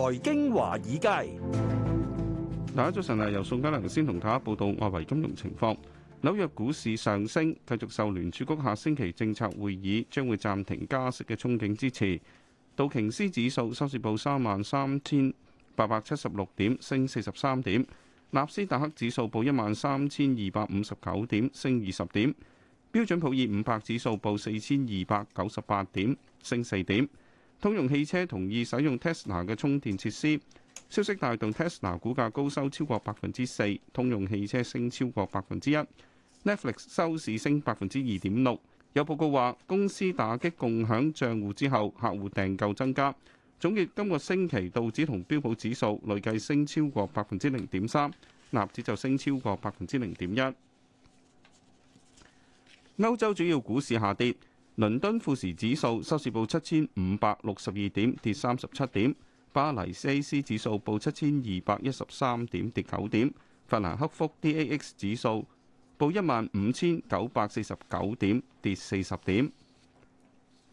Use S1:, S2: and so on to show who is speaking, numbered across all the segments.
S1: 財經華爾街，嗱一早晨啊！由宋嘉良先同大家報道外圍金融情況。紐約股市上升，繼續受聯儲局下星期政策會議將會暫停加息嘅憧憬支持。道瓊斯指數收市報三萬三千八百七十六點，升四十三點；納斯達克指數報一萬三千二百五十九點，升二十點；標準普爾五百指數報四千二百九十八點，升四點。通用汽車同意使用 Tesla 嘅充電設施，消息帶動 Tesla 股價高收超過百分之四，通用汽車升超過百分之一，Netflix 收市升百分之二點六。有報告話公司打擊共享帳戶之後，客戶訂購增加。總結今個星期道指同標普指數累計升超過百分之零點三，納指就升超過百分之零點一。歐洲主要股市下跌。倫敦富時指數，收市報七千五百六十二點，跌三十七點。巴黎 CAC 指數報七千二百一十三點，跌九點。法蘭克福 DAX 指數報一萬五千九百四十九點，跌四十點。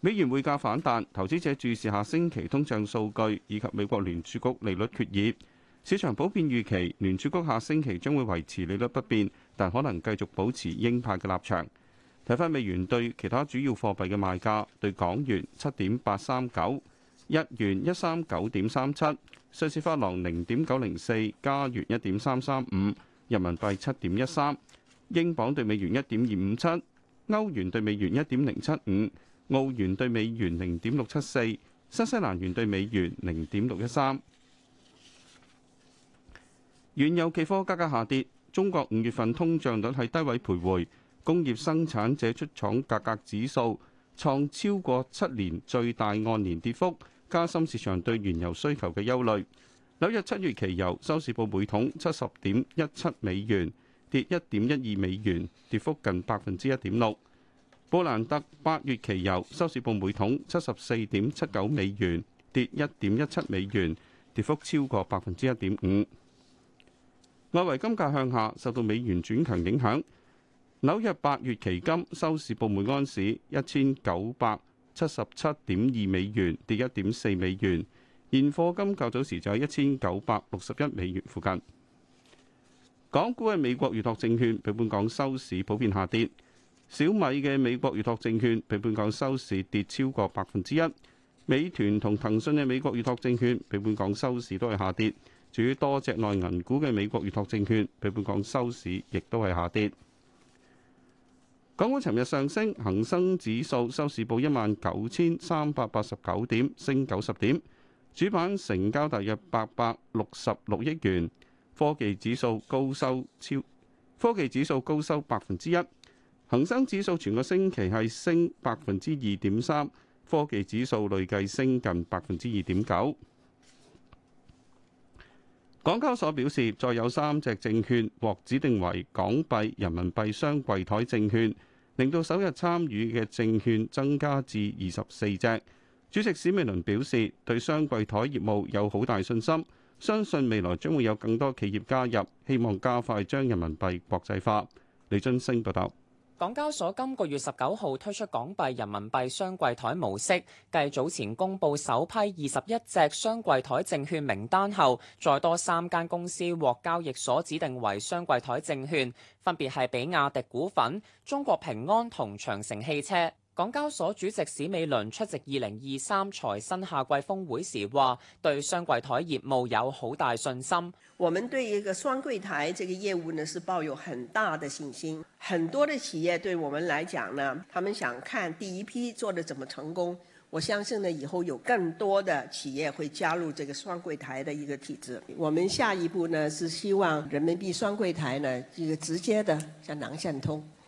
S1: 美元匯價反彈，投資者注視下星期通脹數據以及美國聯儲局利率決議。市場普遍預期聯儲局下星期將會維持利率不變，但可能繼續保持鷹派嘅立場。睇翻美元對其他主要貨幣嘅賣價，對港元七點八三九，日元一三九點三七，瑞士法郎零點九零四，加元一點三三五，人民幣七點一三，英鎊對美元一點二五七，歐元對美元一點零七五，澳元對美元零點六七四，新西蘭元對美元零點六一三。原油期貨價格下跌，中國五月份通脹率係低位徘徊。工業生產者出廠價格指數創超過七年最大按年跌幅，加深市場對原油需求嘅憂慮。紐約七月期油收市報每桶七十點一七美元，跌一點一二美元，跌幅近百分之一點六。布蘭特八月期油收市報每桶七十四點七九美元，跌一點一七美元，跌幅超過百分之一點五。外圍金價向下，受到美元轉強影響。紐約八月期金收市報每安市一千九百七十七點二美元，跌一點四美元。現貨金較早時就喺一千九百六十一美元附近。港股嘅美國預託證券，比本港收市普遍下跌。小米嘅美國預託證券比本港收市跌超過百分之一。美團同騰訊嘅美國預託證券比本港收市都係下跌。至於多隻內銀股嘅美國預託證券比本港收市亦都係下跌。港股尋日上升，恒生指數收市報一萬九千三百八十九點，升九十點，主板成交大約八百六十六億元。科技指數高收超科技指數高收百分之一，恒生指數全個星期係升百分之二點三，科技指數累計升近百分之二點九。港交所表示，再有三隻證券獲指定為港幣、人民幣雙櫃台證券。令到首日參與嘅證券增加至二十四隻。主席史美倫表示，對雙櫃枱業務有好大信心，相信未來將會有更多企業加入，希望加快將人民幣國際化。李津升報導。
S2: 港交所今個月十九號推出港幣人民幣雙櫃台模式，繼早前公布首批二十一隻雙櫃台證券名單後，再多三間公司獲交易所指定為雙櫃台證券，分別係比亞迪股份、中國平安同長城汽車。港交所主席史美倫出席2023財新夏季峰會時話，對雙櫃台業務有好大信心。
S3: 我們對一個雙櫃台這個業務呢，是抱有很大的信心。很多的企業對我們來講呢，他們想看第一批做得怎麼成功。我相信呢，以後有更多的企業會加入這個雙櫃台的一個體制。我們下一步呢，是希望人民幣雙櫃台呢，一個直接的向南向通。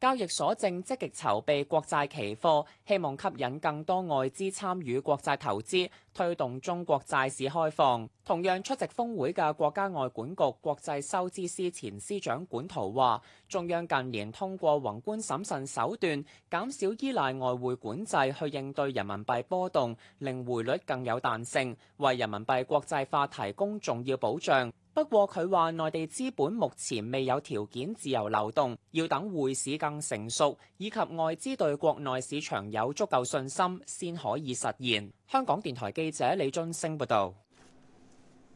S2: 交易所正積極籌備國債期貨，希望吸引更多外資參與國債投資，推動中國債市開放。同樣出席峰會嘅國家外管局國際收支司前司長管濤話：中央近年通過宏觀審慎手段，減少依賴外匯管制去應對人民幣波動，令匯率更有彈性，為人民幣國際化提供重要保障。不過佢話，內地資本目前未有條件自由流動，要等匯市更成熟，以及外資對國內市場有足夠信心，先可以實現。香港電台記者李津星報導。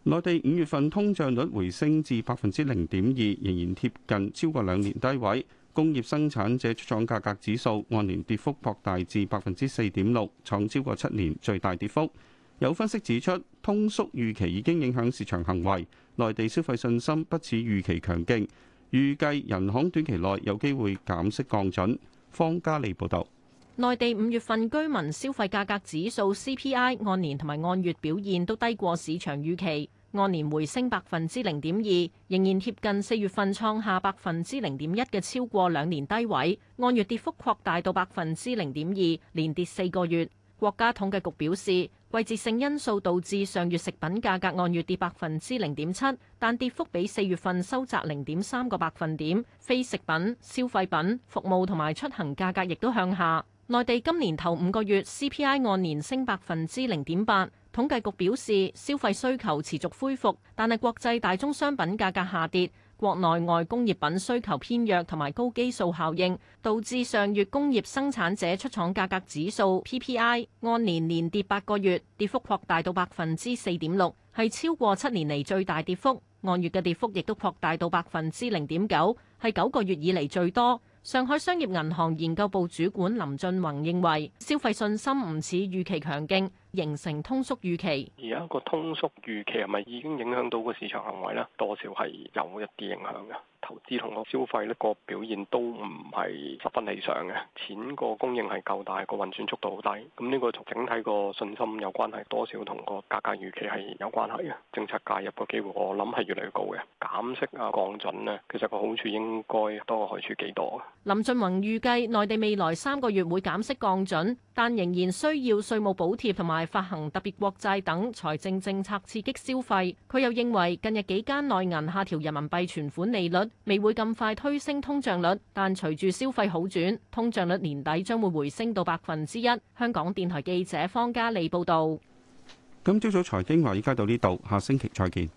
S1: 內地五月份通脹率回升至百分之零點二，仍然貼近超過兩年低位。工業生產者出廠價格指數按年跌幅擴大至百分之四點六，創超過七年最大跌幅。有分析指出，通縮預期已經影響市場行為，內地消費信心不似預期強勁，預計人行短期內有機會減息降準，方嘉利報道。
S3: 內地五月份居民消費價格指數 CPI 按年同埋按月表現都低過市場預期，按年回升百分之零點二，仍然貼近四月份創下百分之零點一嘅超過兩年低位，按月跌幅擴大到百分之零點二，連跌四個月。國家統計局表示，季節性因素導致上月食品價格按月跌百分之零點七，但跌幅比四月份收窄零點三個百分點。非食品、消費品、服務同埋出行價格亦都向下。內地今年頭五個月 CPI 按年升百分之零點八。統計局表示，消費需求持續恢復，但係國際大宗商品價格下跌。國內外工業品需求偏弱同埋高基數效應，導致上月工業生產者出廠價格指數 PPI 按年連跌八個月，跌幅擴大到百分之四點六，係超過七年嚟最大跌幅。按月嘅跌幅亦都擴大到百分之零點九，係九個月以嚟最多。上海商業銀行研究部主管林俊宏認為消費信心唔似預期強勁，形成通縮預期。而家個通縮預期係咪已經影響到個市場行為咧？多少係有一啲影響嘅。投資同個消費呢個表現都唔係十分理想嘅，錢個供應係夠大，個運轉速度好低。咁呢個同整體個信心有關係，多少同個價格預期係有關係嘅。政策介入個機會，我諗係越嚟越高嘅減息啊、降準呢，其實個好處應該多過害處幾多。林俊宏預計內地未來三個月會減息降準，但仍然需要稅務補貼同埋發行特別國債等財政政策刺激消費。佢又認為近日幾間內銀下調人民幣存款利率，未會咁快推升通脹率，但隨住消費好轉，通脹率年底將會回升到百分之一。香港電台記者方嘉利報道。
S1: 今朝早財經華爾街，依家到呢度，下星期再見。